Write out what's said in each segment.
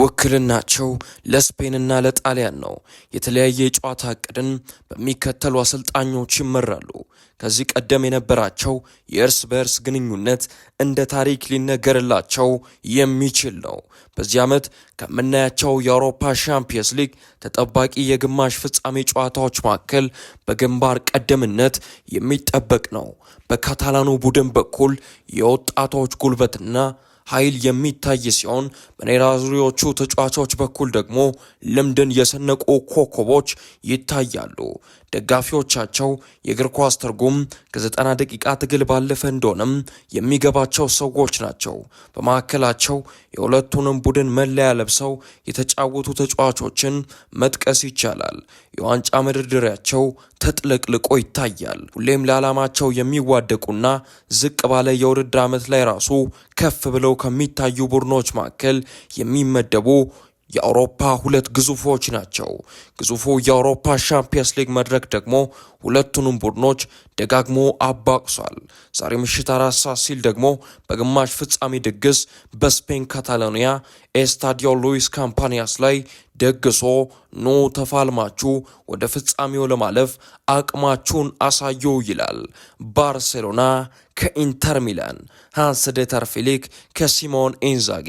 ውክልናቸው ለስፔንና ለጣሊያን ነው። የተለያየ የጨዋታ እቅድን በሚከተሉ አሰልጣኞች ይመራሉ። ከዚህ ቀደም የነበራቸው የእርስ በእርስ ግንኙነት እንደ ታሪክ ሊነገርላቸው የሚችል ነው። በዚህ ዓመት ከምናያቸው የአውሮፓ ሻምፒየንስ ሊግ ተጠባቂ የግማሽ ፍጻሜ ጨዋታዎች መካከል በግንባር ቀደምነት የሚጠበቅ ነው። በካታላኑ ቡድን በኩል የወጣቶች ጉልበትና ኃይል የሚታይ ሲሆን ዙሪዎቹ ተጫዋቾች በኩል ደግሞ ልምድን የሰነቁ ኮከቦች ይታያሉ። ደጋፊዎቻቸው የእግር ኳስ ትርጉም ከዘጠና ደቂቃ ትግል ባለፈ እንደሆነም የሚገባቸው ሰዎች ናቸው። በማዕከላቸው የሁለቱንም ቡድን መለያ ለብሰው የተጫወቱ ተጫዋቾችን መጥቀስ ይቻላል። የዋንጫ መደርደሪያቸው ተጥለቅልቆ ይታያል። ሁሌም ለዓላማቸው የሚዋደቁና ዝቅ ባለ የውድድር ዓመት ላይ ራሱ ከፍ ብለው ተብለው ከሚታዩ ቡድኖች መካከል የሚመደቡ የአውሮፓ ሁለት ግዙፎች ናቸው። ግዙፉ የአውሮፓ ሻምፒየንስ ሊግ መድረክ ደግሞ ሁለቱንም ቡድኖች ደጋግሞ አባቅሷል። ዛሬ ምሽት አራት ሰዓት ሲል ደግሞ በግማሽ ፍጻሜ ድግስ በስፔን ካታሎኒያ ኤስታዲዮ ሉዊስ ካምፓኒያስ ላይ ደግሶ ኖ ተፋልማችሁ ወደ ፍጻሜው ለማለፍ አቅማችሁን አሳዩ ይላል። ባርሴሎና ከኢንተር ሚላን ሃንስ ዴተር ፊሊክ ከሲሞን ኢንዛጌ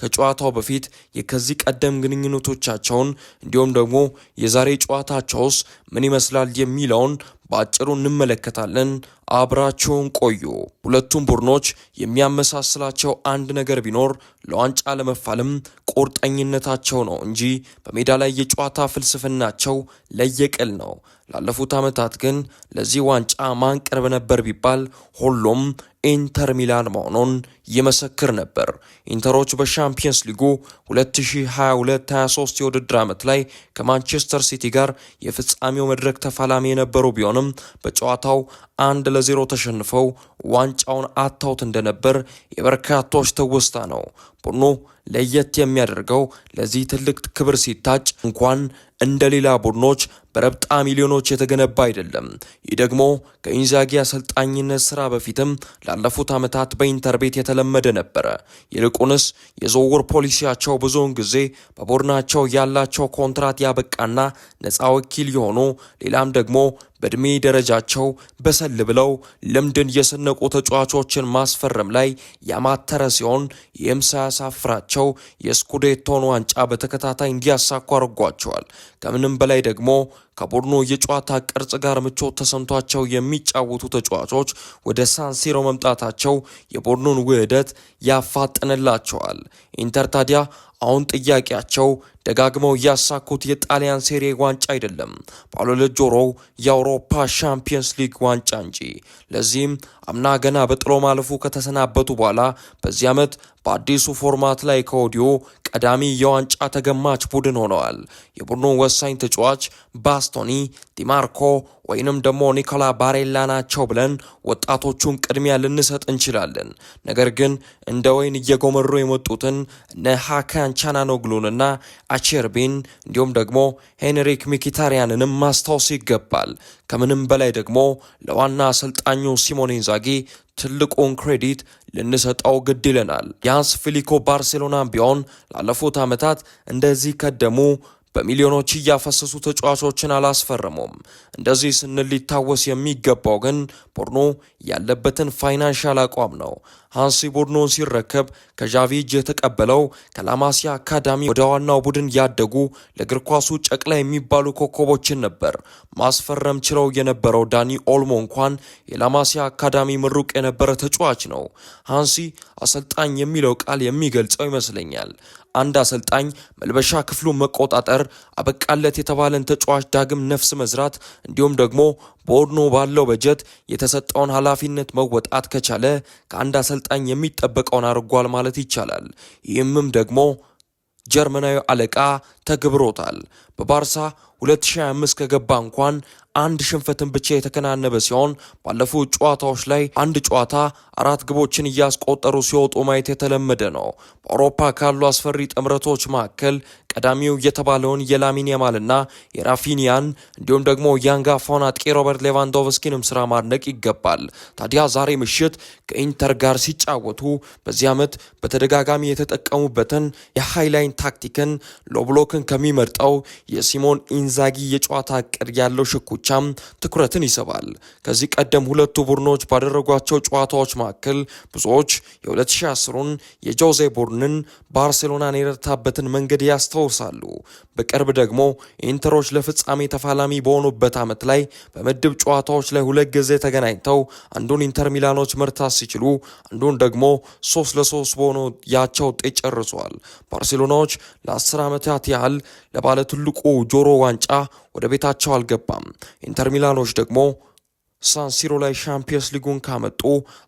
ከጨዋታው በፊት የከዚህ ቀደም ግንኙነቶቻቸውን እንዲሁም ደግሞ የዛሬ ጨዋታቸውስ ምን ይመስላል የሚለውን በአጭሩ እንመለከታለን። አብራቸውን ቆዩ። ሁለቱም ቡድኖች የሚያመሳስላቸው አንድ ነገር ቢኖር ለዋንጫ ለመፋለም ቁርጠኝነታቸው ነው እንጂ በሜዳ ላይ የጨዋታ ፍልስፍናቸው ለየቅል ነው። ላለፉት ዓመታት ግን ለዚህ ዋንጫ ማን ቅርብ ነበር ቢባል ሁሉም ኢንተር ሚላን መሆኑን ይመሰክር ነበር። ኢንተሮች በሻምፒየንስ ሊጉ 2022-23 የውድድር ዓመት ላይ ከማንቸስተር ሲቲ ጋር የፍጻሜው መድረክ ተፋላሚ የነበሩ ቢሆንም በጨዋታው አንድ ለዜሮ ተሸንፈው ዋንጫውን አታውት እንደነበር የበርካቶች ትውስታ ነው። ቡድኑ ለየት የሚያደርገው ለዚህ ትልቅ ክብር ሲታጭ እንኳን እንደ ሌላ ቡድኖች በረብጣ ሚሊዮኖች የተገነባ አይደለም። ይህ ደግሞ ከኢንዛጊ አሰልጣኝነት ስራ በፊትም ላለፉት ዓመታት በኢንተር ቤት የተለመደ ነበረ። ይልቁንስ የዝውውር ፖሊሲያቸው ብዙውን ጊዜ በቡድናቸው ያላቸው ኮንትራት ያበቃና ነፃ ወኪል የሆኑ ሌላም ደግሞ በዕድሜ ደረጃቸው በሰል ብለው ልምድን የሰነቁ ተጫዋቾችን ማስፈረም ላይ ያማተረ ሲሆን ይህም ሳያሳፍራቸው የስኩዴቶን ዋንጫ በተከታታይ እንዲያሳኩ አድርጓቸዋል። ከምንም በላይ ደግሞ ከቡድኑ የጨዋታ ቅርጽ ጋር ምቾት ተሰምቷቸው የሚጫወቱ ተጫዋቾች ወደ ሳንሲሮ መምጣታቸው የቡድኑን ውህደት ያፋጥንላቸዋል። ኢንተር ታዲያ አሁን ጥያቄያቸው ደጋግመው እያሳኩት የጣሊያን ሴሬ ዋንጫ አይደለም ጆሮ የአውሮፓ ሻምፒየንስ ሊግ ዋንጫ እንጂ። ለዚህም አምና ገና በጥሎ ማለፉ ከተሰናበቱ በኋላ በዚህ ዓመት በአዲሱ ፎርማት ላይ ከወዲሁ ቀዳሚ የዋንጫ ተገማች ቡድን ሆነዋል። የቡድኑ ወሳኝ ተጫዋች ባስቶኒ፣ ዲማርኮ ወይንም ደግሞ ኒኮላ ባሬላ ናቸው ብለን ወጣቶቹን ቅድሚያ ልንሰጥ እንችላለን። ነገር ግን እንደ ወይን እየጎመሩ የመጡትን እነ ሃካን ቻናኖግሉንና አቼርቢን እንዲሁም ደግሞ ሄንሪክ ሚኪታሪያንንም ማስታወስ ይገባል። ከምንም በላይ ደግሞ ለዋና አሰልጣኙ ሲሞኔ ኢንዛጊ ትልቁን ክሬዲት ልንሰጠው ግድ ይለናል። ያንስ ፊሊኮ ባርሴሎና ቢሆን ላለፉት ዓመታት እንደዚህ ከደሙ በሚሊዮኖች እያፈሰሱ ተጫዋቾችን አላስፈረሙም። እንደዚህ ስንል ሊታወስ የሚገባው ግን ቡድኑ ያለበትን ፋይናንሻል አቋም ነው። ሃንሲ ቡድኑን ሲረከብ ከዣቪ እጅ የተቀበለው ከላማሲያ አካዳሚ ወደ ዋናው ቡድን ያደጉ ለእግር ኳሱ ጨቅላ የሚባሉ ኮከቦችን ነበር ማስፈረም ችለው የነበረው። ዳኒ ኦልሞ እንኳን የላማሲያ አካዳሚ ምሩቅ የነበረ ተጫዋች ነው። ሃንሲ አሰልጣኝ የሚለው ቃል የሚገልጸው ይመስለኛል። አንድ አሰልጣኝ መልበሻ ክፍሉን መቆጣጠር፣ አበቃለት የተባለን ተጫዋች ዳግም ነፍስ መዝራት እንዲሁም ደግሞ ቡድኑ ባለው በጀት የተሰጠውን ኃላፊነት መወጣት ከቻለ ከአንድ አሰልጣኝ የሚጠበቀውን አድርጓል ማለት ይቻላል። ይህምም ደግሞ ጀርመናዊ አለቃ ተግብሮታል። በባርሳ 2025 ከገባ እንኳን አንድ ሽንፈትን ብቻ የተከናነበ ሲሆን ባለፉት ጨዋታዎች ላይ አንድ ጨዋታ አራት ግቦችን እያስቆጠሩ ሲወጡ ማየት የተለመደ ነው። በአውሮፓ ካሉ አስፈሪ ጥምረቶች መካከል ቀዳሚው የተባለውን የላሚን ያማልና የራፊኒያን እንዲሁም ደግሞ የአንጋፋውን አጥቂ ሮበርት ሌቫንዶቭስኪንም ስራ ማድነቅ ይገባል። ታዲያ ዛሬ ምሽት ከኢንተር ጋር ሲጫወቱ በዚህ ዓመት በተደጋጋሚ የተጠቀሙበትን የሃይላይን ታክቲክን ሎብሎክ ፉክን ከሚመርጠው የሲሞን ኢንዛጊ የጨዋታ እቅድ ያለው ሽኩቻም ትኩረትን ይስባል። ከዚህ ቀደም ሁለቱ ቡድኖች ባደረጓቸው ጨዋታዎች መካከል ብዙዎች የ2010ን የጆዜ ቡድንን ባርሴሎናን የረታበትን መንገድ ያስታውሳሉ። በቅርብ ደግሞ ኢንተሮች ለፍጻሜ ተፋላሚ በሆኑበት ዓመት ላይ በምድብ ጨዋታዎች ላይ ሁለት ጊዜ ተገናኝተው አንዱን ኢንተር ሚላኖች መርታት ሲችሉ አንዱን ደግሞ ሶስት ለሶስት በሆኑ ያቻ ውጤት ጨርሷል። ባርሴሎናዎች ለአስር ዓመታት ያህል ያህል ለባለ ትልቁ ጆሮ ዋንጫ ወደ ቤታቸው አልገባም። ኢንተር ሚላኖች ደግሞ ሳንሲሮ ላይ ሻምፒየንስ ሊጉን ካመጡ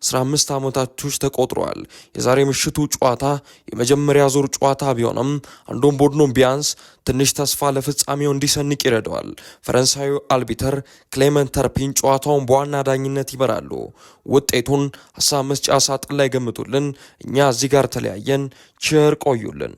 15 ዓመታቶች ተቆጥረዋል። የዛሬ ምሽቱ ጨዋታ የመጀመሪያ ዙር ጨዋታ ቢሆንም አንዱም ቡድኑም ቢያንስ ትንሽ ተስፋ ለፍጻሜው እንዲሰንቅ ይረዳዋል። ፈረንሳዩ አልቢተር ክሌመን ተርፒን ጨዋታውን በዋና ዳኝነት ይመራሉ። ውጤቱን ሀሳብ መስጫ ሳጥን ላይ ገምጡልን። እኛ እዚህ ጋር ተለያየን። ቸር ቆዩልን።